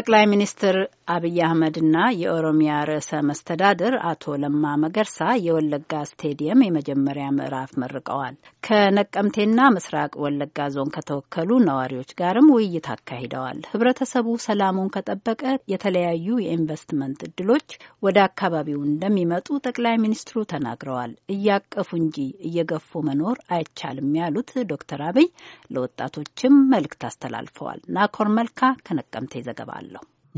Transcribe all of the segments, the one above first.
ጠቅላይ ሚኒስትር አብይ አህመድና የኦሮሚያ ርዕሰ መስተዳድር አቶ ለማ መገርሳ የወለጋ ስቴዲየም የመጀመሪያ ምዕራፍ መርቀዋል። ከነቀምቴና ምስራቅ ወለጋ ዞን ከተወከሉ ነዋሪዎች ጋርም ውይይት አካሂደዋል። ህብረተሰቡ ሰላሙን ከጠበቀ የተለያዩ የኢንቨስትመንት እድሎች ወደ አካባቢው እንደሚመጡ ጠቅላይ ሚኒስትሩ ተናግረዋል። እያቀፉ እንጂ እየገፉ መኖር አይቻልም ያሉት ዶክተር አብይ ለወጣቶችም መልእክት አስተላልፈዋል። ናኮር መልካ ከነቀምቴ ዘገባ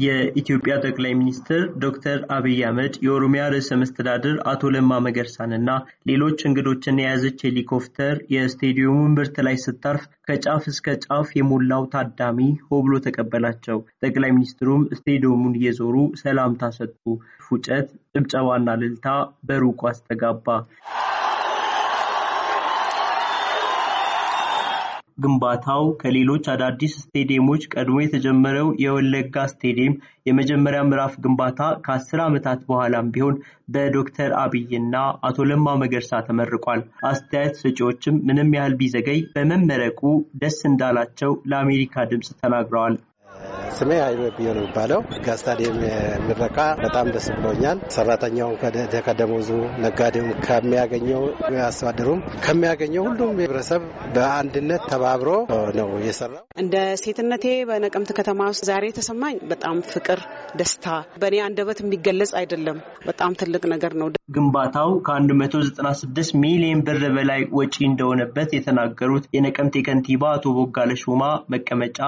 የኢትዮጵያ ጠቅላይ ሚኒስትር ዶክተር አብይ አህመድ የኦሮሚያ ርዕሰ መስተዳድር አቶ ለማ መገርሳን እና ሌሎች እንግዶችን የያዘች ሄሊኮፕተር የስቴዲየሙ ምርት ላይ ስታርፍ ከጫፍ እስከ ጫፍ የሞላው ታዳሚ ሆ ብሎ ተቀበላቸው። ጠቅላይ ሚኒስትሩም ስቴዲየሙን እየዞሩ ሰላምታ ሰጡ። ፉጨት፣ ጭብጨባና ልልታ በሩቁ አስተጋባ። ግንባታው ከሌሎች አዳዲስ ስቴዲየሞች ቀድሞ የተጀመረው የወለጋ ስቴዲየም የመጀመሪያ ምዕራፍ ግንባታ ከአስር ዓመታት በኋላም ቢሆን በዶክተር አብይና አቶ ለማ መገርሳ ተመርቋል። አስተያየት ሰጪዎችም ምንም ያህል ቢዘገይ በመመረቁ ደስ እንዳላቸው ለአሜሪካ ድምፅ ተናግረዋል። ስሜ ሀይሎ ብዮ ነው የሚባለው። ጋ ስታዲየም የምረቃ በጣም ደስ ብሎኛል። ሰራተኛውም ከደሞዙ፣ ነጋዴውም ከሚያገኘው፣ አስተዳደሩም ከሚያገኘው፣ ሁሉም ህብረተሰብ በአንድነት ተባብሮ ነው የሰራው። እንደ ሴትነቴ በነቀምት ከተማ ውስጥ ዛሬ የተሰማኝ በጣም ፍቅር፣ ደስታ በእኔ አንደበት የሚገለጽ አይደለም። በጣም ትልቅ ነገር ነው። ግንባታው ከ196 ሚሊዮን ብር በላይ ወጪ እንደሆነበት የተናገሩት የነቀምቴ ከንቲባ አቶ ቦጋለ መቀመጫ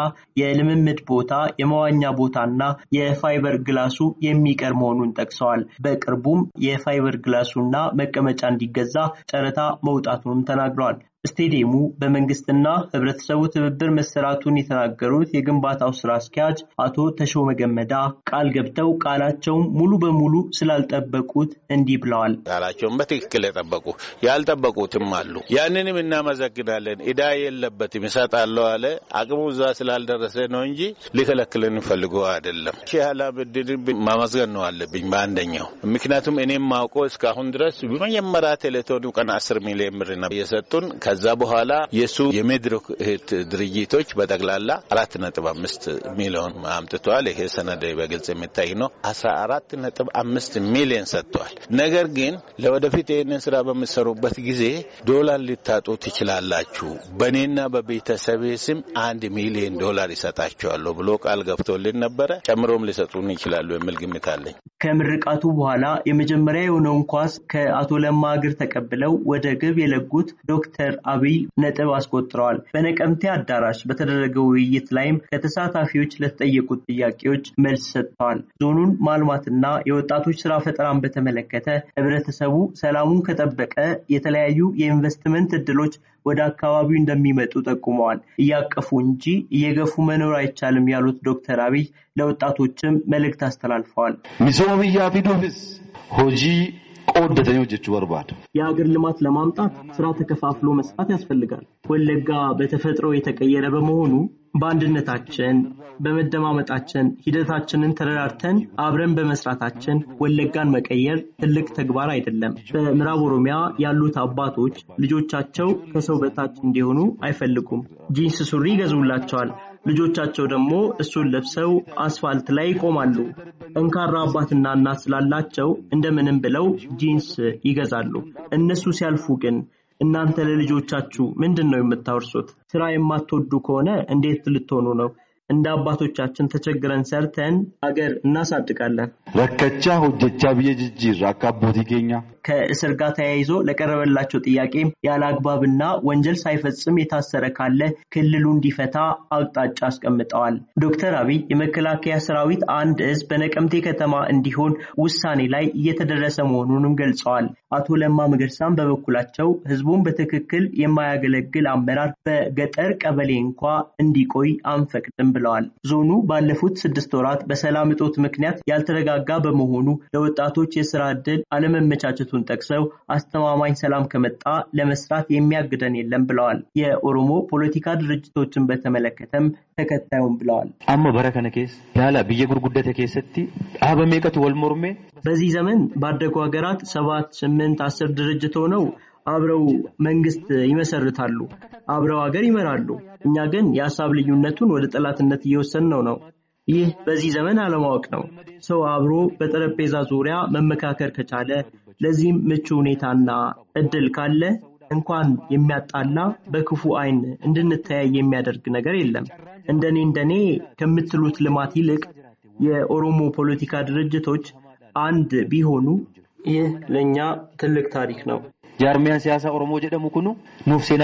የልምምድ ቦታ የመዋኛ ቦታና የፋይበር ግላሱ የሚቀር መሆኑን ጠቅሰዋል። በቅርቡም የፋይበር ግላሱና መቀመጫ እንዲገዛ ጨረታ መውጣቱንም ተናግረዋል። ስቴዲየሙ በመንግስትና ህብረተሰቡ ትብብር መሰራቱን የተናገሩት የግንባታው ስራ አስኪያጅ አቶ ተሾመ ገመዳ ቃል ገብተው ቃላቸውን ሙሉ በሙሉ ስላልጠበቁት እንዲህ ብለዋል። ቃላቸውን በትክክል የጠበቁ ያልጠበቁትም አሉ። ያንንም እናመሰግናለን። እዳ የለበትም እሰጣለሁ አለ። አቅሙ እዛ ስላልደረሰ ነው እንጂ ሊከለክልን ፈልጎ አይደለም። ሺህላ ብድድን ማመስገን ነው አለብኝ በአንደኛው ምክንያቱም እኔም ማውቆ እስካሁን ድረስ መጀመሪያ ቴሌቶኒ ቀን አስር ሚሊዮን ብር የሰጡን ከዛ በኋላ የእሱ የሜድሮክ እህት ድርጅቶች በጠቅላላ አራት ነጥብ አምስት ሚሊዮን አምጥተዋል። ይሄ ሰነድ በግልጽ የሚታይ ነው። አስራ አራት ነጥብ አምስት ሚሊዮን ሰጥተዋል። ነገር ግን ለወደፊት ይህንን ስራ በምሰሩበት ጊዜ ዶላር ልታጡ ትችላላችሁ፣ በእኔና በቤተሰቤ ስም አንድ ሚሊዮን ዶላር ይሰጣቸዋለሁ ብሎ ቃል ገብቶልን ነበረ። ጨምሮም ሊሰጡን ይችላሉ የሚል ግምት አለኝ። ከምርቃቱ በኋላ የመጀመሪያ የሆነውን ኳስ ከአቶ ለማ እግር ተቀብለው ወደ ግብ የለጉት ዶክተር አብይ ነጥብ አስቆጥረዋል። በነቀምቴ አዳራሽ በተደረገው ውይይት ላይም ከተሳታፊዎች ለተጠየቁት ጥያቄዎች መልስ ሰጥተዋል። ዞኑን ማልማትና የወጣቶች ስራ ፈጠራን በተመለከተ ህብረተሰቡ ሰላሙን ከጠበቀ የተለያዩ የኢንቨስትመንት እድሎች ወደ አካባቢው እንደሚመጡ ጠቁመዋል። እያቀፉ እንጂ እየገፉ መኖር አይቻልም ያሉት ዶክተር አብይ ለወጣቶችም መልእክት አስተላልፈዋል። ሚሶምያ ብያ ሆጂ ቆደተኞች ጀቹ በርባድ የሀገር ልማት ለማምጣት ስራ ተከፋፍሎ መስራት ያስፈልጋል። ወለጋ በተፈጥሮ የተቀየረ በመሆኑ በአንድነታችን በመደማመጣችን ሂደታችንን ተረዳርተን አብረን በመስራታችን ወለጋን መቀየር ትልቅ ተግባር አይደለም። በምዕራብ ኦሮሚያ ያሉት አባቶች ልጆቻቸው ከሰው በታች እንዲሆኑ አይፈልጉም። ጂንስ ሱሪ ይገዙላቸዋል። ልጆቻቸው ደግሞ እሱን ለብሰው አስፋልት ላይ ይቆማሉ። ጠንካራ አባትና እናት ስላላቸው እንደምንም ብለው ጂንስ ይገዛሉ። እነሱ ሲያልፉ ግን እናንተ ለልጆቻችሁ ምንድን ነው የምታወርሱት? ስራ የማትወዱ ከሆነ እንዴት ልትሆኑ ነው? እንደ አባቶቻችን ተቸግረን ሰርተን አገር እናሳድጋለን። ረከቻ ሆጀቻ ብዬ ጅጂ አካቦት ይገኛ ከእስር ጋር ተያይዞ ለቀረበላቸው ጥያቄ ያለ አግባብና ወንጀል ሳይፈጽም የታሰረ ካለ ክልሉ እንዲፈታ አቅጣጫ አስቀምጠዋል። ዶክተር አብይ የመከላከያ ሰራዊት አንድ እዝ በነቀምቴ ከተማ እንዲሆን ውሳኔ ላይ እየተደረሰ መሆኑንም ገልጸዋል። አቶ ለማ መገርሳም በበኩላቸው ህዝቡን በትክክል የማያገለግል አመራር በገጠር ቀበሌ እንኳ እንዲቆይ አንፈቅድም ብለዋል። ዞኑ ባለፉት ስድስት ወራት በሰላም እጦት ምክንያት ያልተረጋጋ በመሆኑ ለወጣቶች የስራ ዕድል አለመመቻቸቱን ጠቅሰው አስተማማኝ ሰላም ከመጣ ለመስራት የሚያግደን የለም ብለዋል። የኦሮሞ ፖለቲካ ድርጅቶችን በተመለከተም ተከታዩም ብለዋል። አሞ በረከነ ኬስ ላላ ብየ ጉርጉደተ ኬሰቲ አበሜቀቱ ወልሞርሜ በዚህ ዘመን ባደጉ ሀገራት ሰባት ስምንት አስር ድርጅት ሆነው አብረው መንግስት ይመሰርታሉ፣ አብረው ሀገር ይመራሉ። እኛ ግን የሀሳብ ልዩነቱን ወደ ጠላትነት እየወሰንነው ነው። ይህ በዚህ ዘመን አለማወቅ ነው። ሰው አብሮ በጠረጴዛ ዙሪያ መመካከር ከቻለ ለዚህም ምቹ ሁኔታና እድል ካለ እንኳን የሚያጣላ በክፉ አይን እንድንተያይ የሚያደርግ ነገር የለም። እንደኔ እንደኔ ከምትሉት ልማት ይልቅ የኦሮሞ ፖለቲካ ድርጅቶች አንድ ቢሆኑ ይህ ለእኛ ትልቅ ታሪክ ነው። ጃርሚያን ሲያሳ ኦሮሞ ጀደሙ ኩኑ ኑፍ ሴና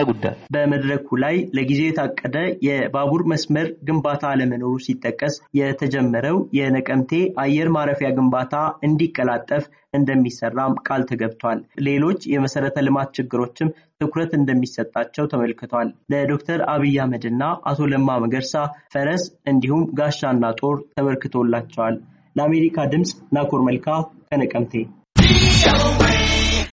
በመድረኩ ላይ ለጊዜ የታቀደ የባቡር መስመር ግንባታ አለመኖሩ ሲጠቀስ የተጀመረው የነቀምቴ አየር ማረፊያ ግንባታ እንዲቀላጠፍ እንደሚሰራም ቃል ተገብቷል። ሌሎች የመሰረተ ልማት ችግሮችም ትኩረት እንደሚሰጣቸው ተመልክቷል። ለዶክተር አብይ አህመድና አቶ ለማ መገርሳ ፈረስ እንዲሁም ጋሻና ጦር ተበርክቶላቸዋል። ለአሜሪካ ድምፅ ናኮር መልካ ከነቀምቴ